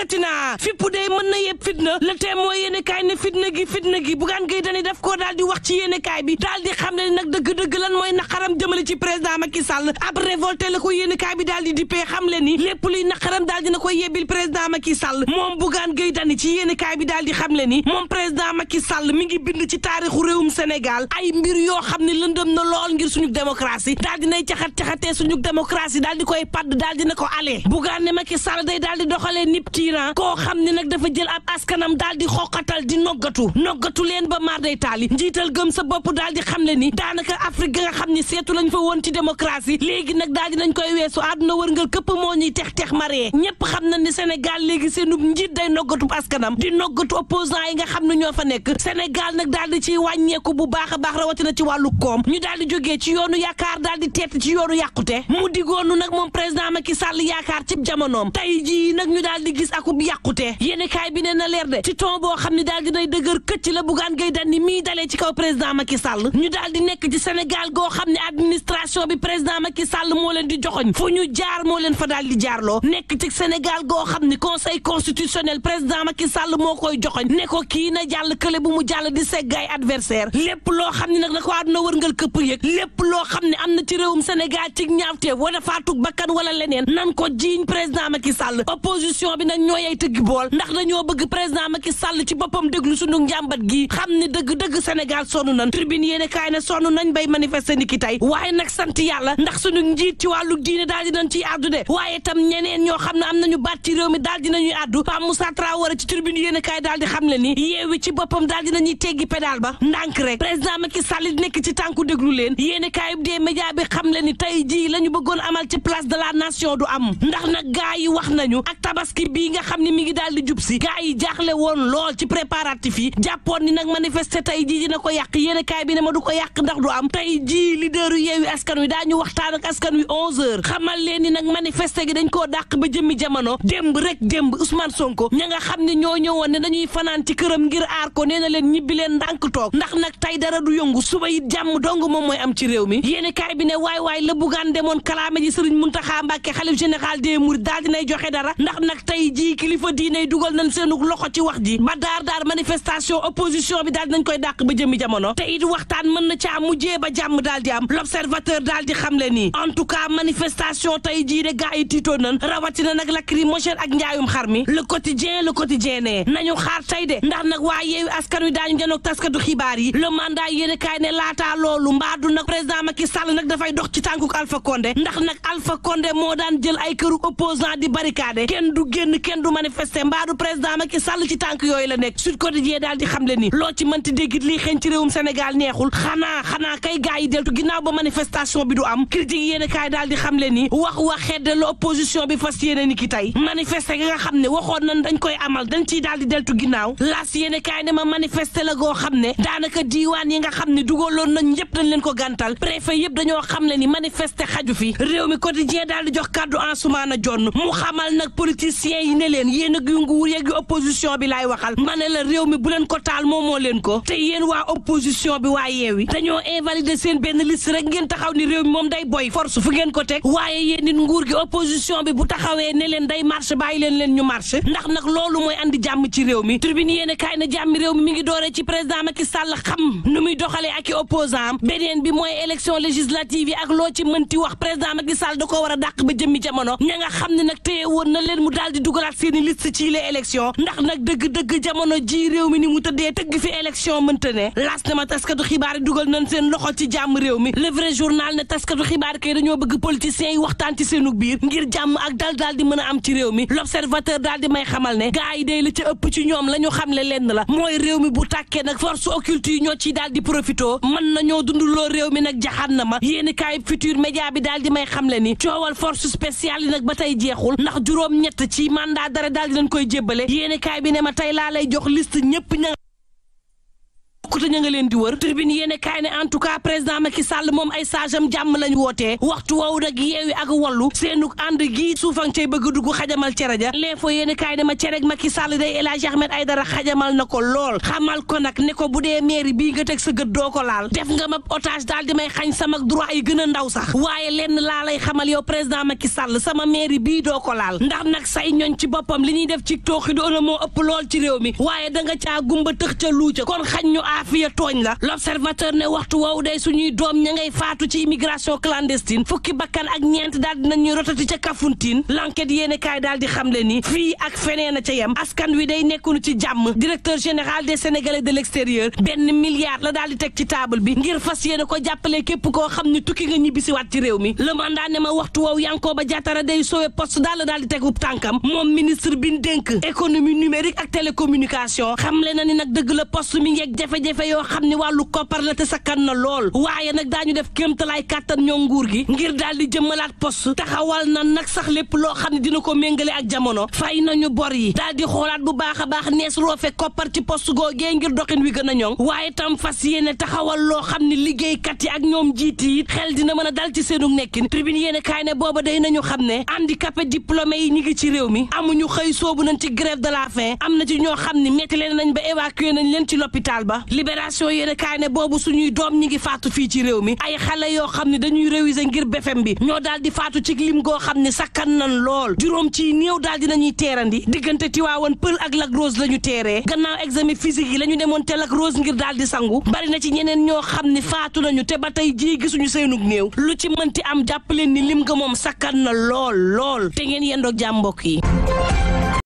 yëkkati naa fippu day mën na yëpp fitna le tee mooy yéene kaay ne fitna gi fitna gi bugaan gay dani daf koo daal di wax ci yéene kaay bi daal di xam ne nag dëgg-dëgg lan mooy naqaram jëmale ci président Macky Sall ab di xam le ni lépp luy naqaram daal dina koy yebbil président Macky Sall moom bugaan gay dani ci yéene bi daal di ni moom président Macky Sall mi ngi bind ci taarixu réewum Sénégal ay mbir yoo xam ne lëndëm na lool ngir suñu démocratie daal dinay caxat caxatee suñu démocratie daal di koy padd daal dina ko alee bugaan ne Macky Iran koo xam ne nag dafa jël ab askanam daal di xoqatal di noggatu noggatu leen ba maar day taali njiital gëm sa bopp daal di xam le ni daanaka Afrique ga nga xam ni seetu lañ fa woon ci démocratie léegi nag daal di nañ koy weesu àdduna wërngal këpp moo ñuy tex tex maree ñëpp xam na ni senegal léegi seenub njiit day noggatu askanam di noggatu opposant yi nga xam ne ñoo fa nekk senegal nag dal di ciy wàññeeku bu baax a baax na ci wàllu koom ñu daal di jógee ci yoonu yaakaar di teet ci yoonu yàqute mu digoonu nag moom Sall yaakaar ci jamonoom akub yàqutee yéen kaay bi ne na leer de ci ton boo xam ne daal dinay dëgër këcc la Bougane Gueye Dany mii dalee ci kaw président Macky Sall ñu daal di nekk ci Sénégal goo xam ne administration bi président Macky Sall moo leen di joxoñ fu ñu jaar moo leen fa daal di jaarloo nekk ci Sénégal goo xam ne conseil constitutionnel président Macky Sall moo koy joxoñ ne ko kii na jàll kële bu mu jàll di seggaay adversaire lépp loo xam ne nag na ko àdduna wërngal këpp yëg lépp loo xam ne am na ci réewum Sénégal ci ñaawte wala faatug bakkan wala leneen nan ko jiiñ président Macky Sall opposition bi ñoo yey tëggi bool ndax dañoo bëgg président Macky Sall ci boppam déglu sunu njàmbat gi xam ne dëgg-dëgg Sénégal sonn nañ tribune yéene kaay ne sonn nañ bay manifester ni ki tey waaye nag sant yàlla ndax sunu njiit ci wàllu diine daal di nañ ciy àddu de waaye tam ñeneen ñoo xam ne am nañu baat ci réew mi daal di nañuy àddu Pape Moussa Traoré ci tribune yéene kaay daal di xam le ni yeewi ci boppam daal di nañuy teggi pédal ba ndànk rek président Macky Sall nekk ci tànku leen yéene kaay bi dee bi xam ni tey jii la ñu bëggoon amal ci place de la nation du am nga xam ne mi ngi daal di jub si gars yi jaaxle woon lool ci préparatif yi jàppoon ni nag manifester tey jii dina ko yàq yéene kaay bi ne ma du ko yàq ndax du am tey jii leader yu yeewi askan wi daañu waxtaan ak askan wi 11h xamal leen ni nag manifester gi dañ koo dàq ba jëmmi jamono demb rek démb Ousmane Sonko ña nga xam ne ñoo woon ne dañuy fanaan ci këram ngir aar ko nee na leen ñibbi leen ndànk toog ndax nag tey dara du yëngu suba it jàmm dong moom mooy am ci réew mi yéene bi ne waay waay la bugaan demoon kalaame ji Serigne Mountakha Mbacké xalif général des Mourides daal dinay joxe dara jii kilifa diine yi dugal nañ seenu loxo ci wax ji ba daar daar manifestation opposition bi daal di nañ koy dàq ba jëmi jamono te it waxtaan mën na caa mujjee ba jàmm daal di am l'observateur daal di xamle nii en tout cas manifestation tey jii de gaa yi tiitoon nañ rawatina nag lacrymogène ak njaayum xar mi le quotidien le quotidien nee nañu xaar tey de ndax nag waa yeewi askan wi daañu ngeen ak taskatu xibaar yi le mandat yéen kaay ne laataa loolu mbaadu nag président Macky Sall nag dafay dox ci tànkuk Alpha Condé ndax nag Alpha Condé moo daan jël ay këru opposant di barricade kenn du kenn du manifester mbaadu président Macky Sall ci tànk yooyu la nekk Sud Quotidien daal di xam le ni loo ci mënti déggit lii xeeñ ci réewum Sénégal neexul xanaa xanaa kay gaay yi deltu ginnaaw ba manifestation bi du am critique yéen kaay daal di xam le ni wax waxee de l'opposition bi fas yéene ni ki tey manifester ga nga xam ne waxoon nañ dañ koy amal dañ ciy daal di deltu ginnaaw laas yéen kaay ne ma manifester la goo xam ne daanaka diiwaan yi nga xam ne dugaloon nañ yëpp dañ leen ko gàntal préfet yëpp dañoo xam le ni manifester xaju fi réew mi quotidien daal di jox kàddu Ansoumana Dione mu xamal nag politiciens yi ne leen yéen ak yu nguur yeeg yu opposition bi laay waxal ma ne la réew mi bu leen ko taal moom moo leen ko te yéen waa opposition bi waa yeewi dañoo invalider seen benn ngeen taxaw ni réew mi moom day boy force fu geen ko teg waaye yéen nit nguur gi opposition bi bu taxawee ne leen day marché bàyyi leen leen ñu marché ndax nag loolu mooy andi jàmm ci réew mi tribune yéen kaay na jàmm réew mi mi ngi dooree ci président Macky Sall xam nu muy doxalee ak i opposant beneen bi mooy élection législative yi ak loo ci mënti wax président Macky Sall da ko war a dàq ba jëmmi jamono ña nga xam ne nag téye woon na leen mu daal di dugal defaraat seeni liste ci les élections ndax nag dëgg-dëgg jamono ji réew mi ni mu tëddee tëgg fi élection mënta ne laas na ma taskatu xibaar yi dugal nañ seen loxo ci jàmm réew mi le vrai journal ne taskatu xibaar kay dañoo bëgg politiciens yi waxtaan ci seenu biir ngir jàmm ak dal daal di mën a am ci réew mi l'observateur daal di may xamal ne gars yi day la ci ëpp ci ñoom la ñu xam le lenn la mooy réew mi bu tàkkee nag force occulte yi ñoo ciy daal di profitoo mën nañoo dunduloo réew mi nag jaxaan na ma yéeni kaay futur média bi daal di may xamle ni coowal force spéciale yi nag ba tey jeexul ndax juróom mandat dara daal di leen koy jébbale yéene kaay bi ma tey laa lay jox liste ñëpp yokkute ña nga leen di wër tribune yéen kaay ne en tout cas président Macky Sall moom ay sageam jàmm lañ wootee waxtu woowu nag yeewi ak wallu seenu ànd gi suufan cay bëgg dugg xajamal cere ja l'info yéen kaay ne ma cereg Macky Sall day El ay dara Aïdara xajamal na ko lool xamal ko nag ne ko bu dee mairie bii nga teg sa gët doo ko laal def nga ma otage daal di may xañ sama droit yi gën a ndaw sax waaye lenn laa lay xamal yow président maki Sall sama mairie bii doo ko laal ndax nag say ñoñ ci boppam li ñuy def ci tooxi doona moo ëpp lool ci réew mi waaye da nga caa gumba tëx ca luuca kon xañ ñu Afia tooñ la l'observateur ne waxtu woowu day suñuy doom ña ngay faatu ci immigration clandestine fukki bakkan ak ñeent daal dinañuy rotati ca Kafountine l'enquête yéene kaay daal di xamle ni fii ak feneen a ca yem askan wi day nekkunu ci jàmm directeur général des sénégalais de l'extérieur benn milliard la daal di teg ci taabal bi ngir fas yéene ko jàppale képp koo xam ni tukki nga ñibbisiwaat ci réew mi le mandat ne ma waxtu woowu Yankoba Diattara day sowe poste daal daal di tegub tànkam moom ministre bi dénk économie numérique ak télécommunication xamle na ni nag la jafe-jafe yoo xam ni wàllu koppar la te sakkan na lool waaye nag daañu def kéemtalaay kàttan ñoo nguur gi ngir daal di jëmmalaat poste taxawal na nag sax lépp loo xam ne dina ko méngale ak jamono fay nañu bor yi daal di xoolaat bu baax a baax nees roofe koppar ci poste googee ngir doxin wi gën a ñoŋ waaye tam fas yéene taxawal loo xam ne liggéeykat yi ak ñoom jiit yi xel dina mën a dal ci seenu nekkin tribune yéene kaay ne booba day nañu xam ne handicapé diplômé yi ñi ngi ci réew mi amuñu xëy soobu nañ ci grève de la faim am na ci ñoo xam ne metti leen nañ ba évacué nañ leen ci l'hôpital ba libération yéen kaay ne boobu suñuy doom ñi ngi faatu fii ci réew mi ay xale yoo xam ne dañuy réviser ngir BFEM bi ñoo daal di faatu ci lim goo xam ne sakkan nan lool juróom ci néew daal dinañuy teerandi diggante Tiwaawan Pël ak Lac Rose la ñu teeree gannaaw examen physique yi la ñu demoon te Lac Rose ngir daal di sangu bari na ci ñeneen ñoo xam ne faatu nañu te ba tey jii gisuñu seenug néew lu ci mënti am jàppaleen ni lim nga moom sakkan na lool lool te ngeen yendoog jàmm yi